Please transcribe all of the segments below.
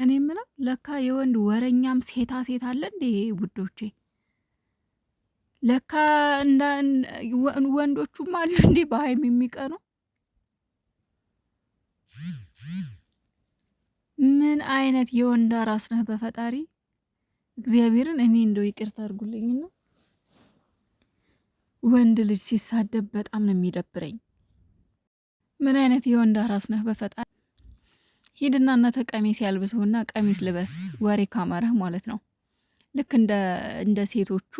እኔ የምለው ለካ የወንድ ወረኛም ሴታ ሴት አለ እንዴ ውዶቼ? ለካ ወንዶቹም አሉ እንዴ በሀይም የሚቀኑ? ምን አይነት የወንዳ ራስ ነህ በፈጣሪ እግዚአብሔርን። እኔ እንደው ይቅርታ አድርጉልኝና ወንድ ልጅ ሲሳደብ በጣም ነው የሚደብረኝ። ምን አይነት የወንዳ ራስ ነህ በፈጣሪ ሂድና እናተ ቀሚስ ያልብሱና ቀሚስ ልበስ ወሬ ካመረህ ማለት ነው። ልክ እንደ ሴቶቹ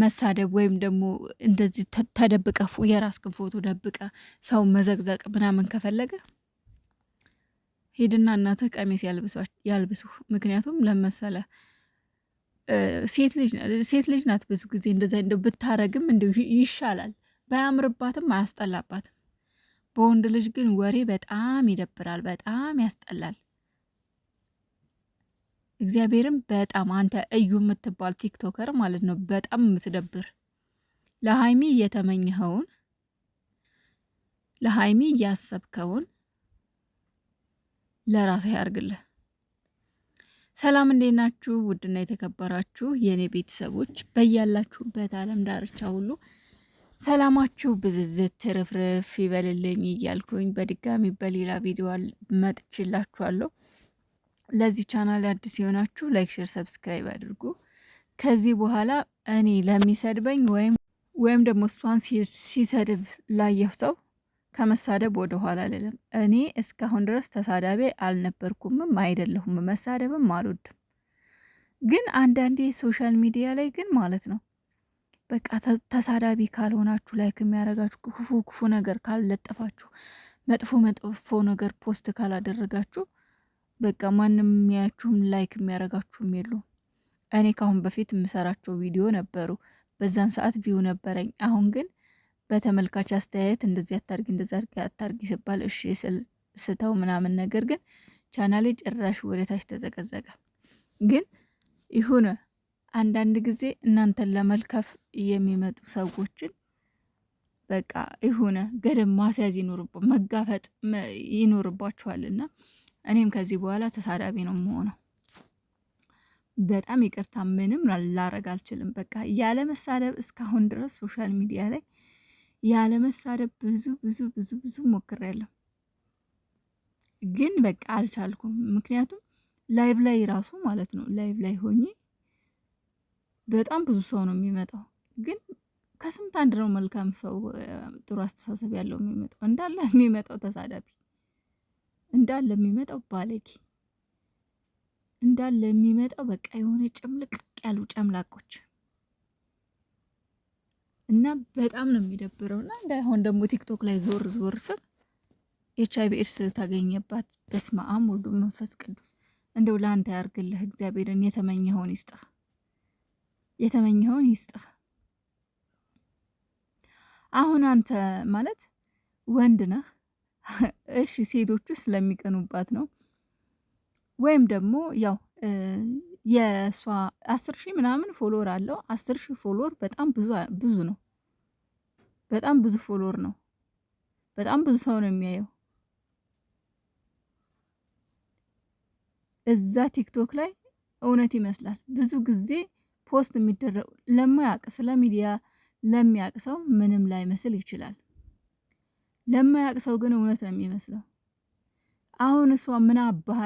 መሳደብ ወይም ደግሞ እንደዚህ ተደብቀ የራስክን ፎቶ ደብቀ ሰው መዘግዘቅ ምናምን ከፈለገ ሂድና እናተ ቀሚስ ያልብሱ። ምክንያቱም ለመሰለ ሴት ልጅ ናት። ብዙ ጊዜ እንደዚ እንደው ብታረግም እንዲሁ ይሻላል፣ ባያምርባትም አያስጠላባትም። በወንድ ልጅ ግን ወሬ በጣም ይደብራል፣ በጣም ያስጠላል። እግዚአብሔርም በጣም አንተ እዩ የምትባል ቲክቶከር ማለት ነው በጣም የምትደብር ለሀይሚ እየተመኘኸውን ለሀይሚ እያሰብከውን ለራሴ ያርግልህ። ሰላም እንዴት ናችሁ? ውድና የተከበራችሁ የእኔ ቤተሰቦች በያላችሁበት ዓለም ዳርቻ ሁሉ ሰላማችሁ ብዝዝት ትርፍርፍ ይበልልኝ እያልኩኝ በድጋሚ በሌላ ቪዲዮ መጥችላችኋለሁ። ለዚህ ቻናል አዲስ የሆናችሁ ላይክ፣ ሼር፣ ሰብስክራይብ አድርጉ። ከዚህ በኋላ እኔ ለሚሰድበኝ ወይም ወይም ደግሞ እሷን ሲሰድብ ላየሁ ሰው ከመሳደብ ወደ ኋላ አልልም። እኔ እስካሁን ድረስ ተሳዳቢ አልነበርኩምም አይደለሁም፣ መሳደብም አልወድም። ግን አንዳንዴ ሶሻል ሚዲያ ላይ ግን ማለት ነው በቃ ተሳዳቢ ካልሆናችሁ ላይክ የሚያደርጋችሁ ክፉ ክፉ ነገር ካልለጠፋችሁ መጥፎ መጥፎ ነገር ፖስት ካላደረጋችሁ በቃ ማንም የሚያያችሁም ላይክ የሚያደርጋችሁም የሉ። እኔ ከአሁን በፊት የምሰራቸው ቪዲዮ ነበሩ። በዛን ሰዓት ቪው ነበረኝ። አሁን ግን በተመልካች አስተያየት እንደዚህ አታርጊ እንደዚህ አታርጊ ስባል እሺ ስተው ምናምን፣ ነገር ግን ቻናሌ ጭራሽ ወደታች ተዘቀዘቀ ግን ይሁነ አንዳንድ ጊዜ እናንተን ለመልከፍ የሚመጡ ሰዎችን በቃ የሆነ ገደብ ማስያዝ መጋፈጥ ይኖርባችኋልና እኔም ከዚህ በኋላ ተሳዳቢ ነው የምሆነው። በጣም ይቅርታ፣ ምንም ላረግ አልችልም። በቃ ያለመሳደብ እስካሁን ድረስ ሶሻል ሚዲያ ላይ ያለመሳደብ ብዙ ብዙ ብዙ ብዙ ሞክሬያለሁ፣ ግን በቃ አልቻልኩም። ምክንያቱም ላይቭ ላይ ራሱ ማለት ነው ላይቭ ላይ ሆኜ በጣም ብዙ ሰው ነው የሚመጣው። ግን ከስንት አንድ ነው መልካም ሰው ጥሩ አስተሳሰብ ያለው የሚመጣው። እንዳለ የሚመጣው ተሳዳቢ፣ እንዳለ የሚመጣው ባለጌ፣ እንዳለ የሚመጣው በቃ የሆነ ጭምልቅቅ ያሉ ጨምላቆች እና በጣም ነው የሚደብረው። እና አሁን ደግሞ ቲክቶክ ላይ ዞር ዞር ስል ኤች አይቪ ኤድስ ታገኘባት። በስመ አብ መንፈስ ወመንፈስ ቅዱስ እንደው ለአንተ ያርግልህ እግዚአብሔርን የተመኘኸውን ይስጥህ። የተመኘኸውን ይስጥህ። አሁን አንተ ማለት ወንድ ነህ። እሺ ሴቶቹ ስለሚቀኑባት ነው ወይም ደግሞ ያው የእሷ አስር ሺህ ምናምን ፎሎወር አለው። አስር ሺህ ፎሎወር በጣም ብዙ ብዙ ነው። በጣም ብዙ ፎሎወር ነው። በጣም ብዙ ሰው ነው የሚያየው እዛ ቲክቶክ ላይ እውነት ይመስላል። ብዙ ጊዜ ፖስት የሚደረጉ ለማያውቅ ስለ ሚዲያ ለሚያውቅ ሰው ምንም ላይመስል ይችላል። ለማያውቅ ሰው ግን እውነት ነው የሚመስለው። አሁን እሷ ምን አባህ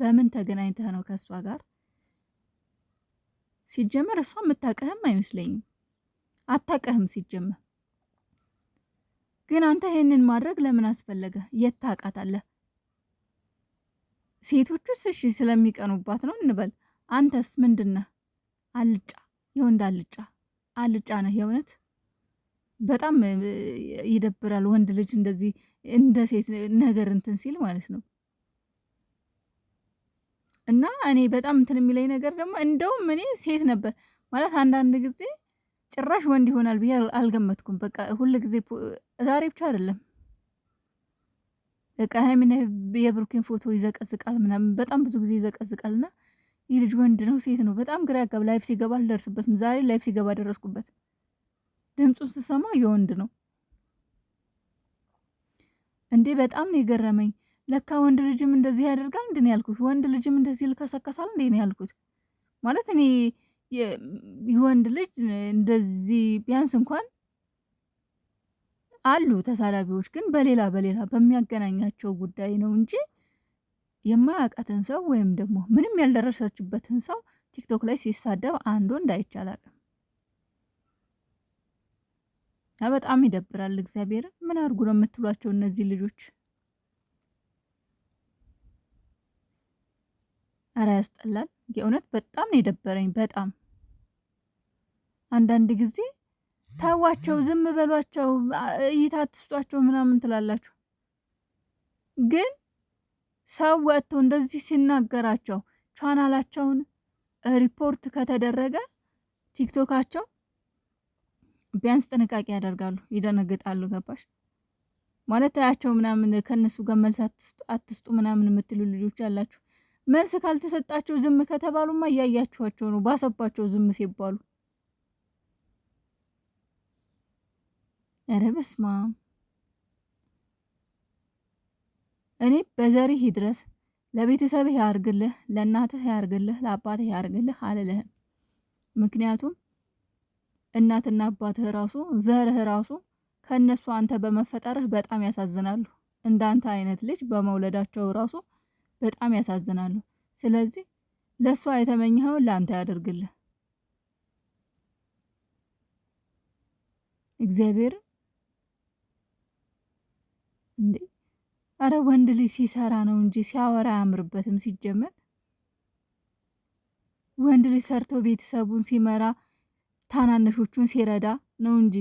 በምን ተገናኝተህ ነው ከእሷ ጋር? ሲጀመር እሷ የምታውቅህም አይመስለኝም። አታውቅህም ሲጀመር። ግን አንተ ይህንን ማድረግ ለምን አስፈለገ? የት ታውቃታለህ? ሴቶቹስ እሺ ስለሚቀኑባት ነው እንበል። አንተስ ምንድን ነህ? አልጫ የወንድ አልጫ አልጫ ነህ። የእውነት በጣም ይደብራል። ወንድ ልጅ እንደዚህ እንደ ሴት ነገር እንትን ሲል ማለት ነው። እና እኔ በጣም እንትን የሚለኝ ነገር ደግሞ እንደውም እኔ ሴት ነበር ማለት አንዳንድ ጊዜ ጭራሽ ወንድ ይሆናል ብዬ አልገመትኩም። በቃ ሁል ጊዜ ዛሬ ብቻ አይደለም በቃ ሀይሚና የብሩኬን ፎቶ ይዘቀዝቃል ምናምን በጣም ብዙ ጊዜ ይዘቀዝቃልና ይህ ልጅ ወንድ ነው ሴት ነው? በጣም ግራ ያጋብ። ላይፍ ሲገባ አልደርስበትም። ዛሬ ላይፍ ሲገባ ደረስኩበት። ድምፁን ስሰማ የወንድ ነው እንዴ! በጣም ነው የገረመኝ። ለካ ወንድ ልጅም እንደዚህ ያደርጋል እንዴ ነው ያልኩት። ወንድ ልጅም እንደዚህ ልከሰከሳል እንዴ ነው ያልኩት። ማለት እኔ የወንድ ልጅ እንደዚህ ቢያንስ እንኳን አሉ ተሳዳቢዎች፣ ግን በሌላ በሌላ በሚያገናኛቸው ጉዳይ ነው እንጂ የማያውቃትን ሰው ወይም ደግሞ ምንም ያልደረሰችበትን ሰው ቲክቶክ ላይ ሲሳደብ አንድ ወንድ አይቼ አላውቅም። በጣም ይደብራል። እግዚአብሔር ምን አድርጉ ነው የምትሏቸው እነዚህ ልጆች? እረ ያስጠላል። የእውነት በጣም ነው የደበረኝ። በጣም አንዳንድ ጊዜ ታዋቸው፣ ዝም በሏቸው፣ እይታ አትስጧቸው ምናምን ትላላችሁ ግን ሰው ወጥቶ እንደዚህ ሲናገራቸው ቻናላቸውን ሪፖርት ከተደረገ ቲክቶካቸው ቢያንስ ጥንቃቄ ያደርጋሉ፣ ይደነግጣሉ። ገባሽ ማለት ያቸው ምናምን ከእነሱ ጋር መልስ አትስጡ ምናምን የምትሉ ልጆች ያላችሁ መልስ ካልተሰጣቸው ዝም ከተባሉማ እያያችኋቸው ነው። ባሰባቸው ዝም ሲባሉ ኧረ በስመ አብ እኔ በዘርህ ይድረስ፣ ለቤተሰብህ ያርግልህ፣ ለእናትህ ያርግልህ፣ ለአባትህ ያርግልህ አልልህም። ምክንያቱም እናትና አባትህ ራሱ ዘርህ ራሱ ከእነሱ አንተ በመፈጠርህ በጣም ያሳዝናሉ። እንዳንተ አይነት ልጅ በመውለዳቸው ራሱ በጣም ያሳዝናሉ። ስለዚህ ለእሷ የተመኘኸውን ለአንተ ያደርግልህ። እግዚአብሔር እንዴ አረ ወንድ ልጅ ሲሰራ ነው እንጂ ሲያወራ አያምርበትም። ሲጀመር ወንድ ልጅ ሰርቶ ቤተሰቡን ሲመራ ታናነሾቹን ሲረዳ ነው እንጂ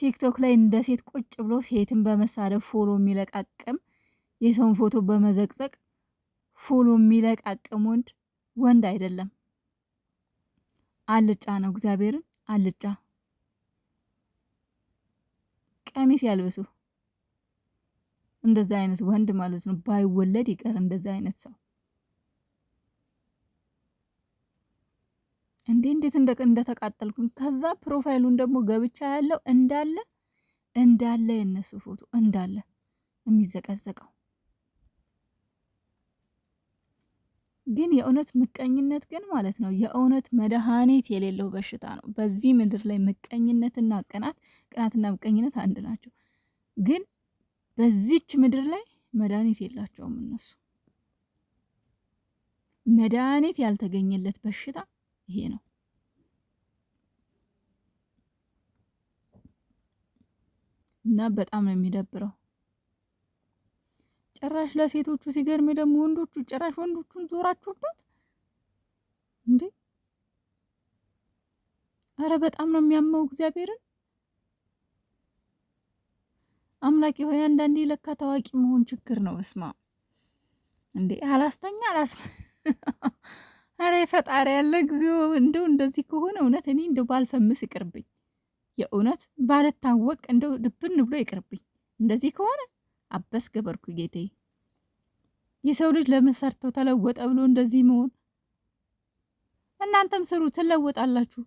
ቲክቶክ ላይ እንደ ሴት ቁጭ ብሎ ሴትን በመሳደብ ፎሎ የሚለቃቅም የሰውን ፎቶ በመዘቅዘቅ ፎሎ የሚለቃቅም ወንድ ወንድ አይደለም፣ አልጫ ነው። እግዚአብሔርን አልጫ ቀሚስ ያልብሱ። እንደዚ አይነት ወንድ ማለት ነው ባይወለድ ይቀር እንደዚ አይነት ሰው እንዴ እንዴት እንደተቃጠልኩኝ። ከዛ ፕሮፋይሉን ደግሞ ገብቻ ያለው እንዳለ እንዳለ የነሱ ፎቶ እንዳለ የሚዘቀዘቀው ግን የእውነት ምቀኝነት ግን ማለት ነው የእውነት መድኃኒት የሌለው በሽታ ነው። በዚህ ምድር ላይ ምቀኝነትና ቅናት ቅናትና ምቀኝነት አንድ ናቸው ግን በዚች ምድር ላይ መድኃኒት የላቸውም እነሱ። መድኃኒት ያልተገኘለት በሽታ ይሄ ነው። እና በጣም ነው የሚደብረው። ጭራሽ ለሴቶቹ ሲገርም ደግሞ ወንዶቹ ጭራሽ ወንዶቹን ዞራችሁበት እንዴ! አረ በጣም ነው የሚያመው እግዚአብሔርን አምላኪ ሆይ አንዳንዴ ለካ ታዋቂ መሆን ችግር ነው። እስማ እንዴ አላስተኛ አላስ አረ ፈጣሪ ያለ እግዚኦ እንደው እንደዚህ ከሆነ እውነት እኔ እንደው ባልፈምስ ይቅርብኝ። የእውነት ባልታወቅ እንደው ድብን ብሎ ይቅርብኝ። እንደዚህ ከሆነ አበስ ገበርኩ ጌቴ። የሰው ልጅ ለምን ሰርተው ተለወጠ ብሎ እንደዚህ መሆን። እናንተም ስሩ ትለወጣላችሁ።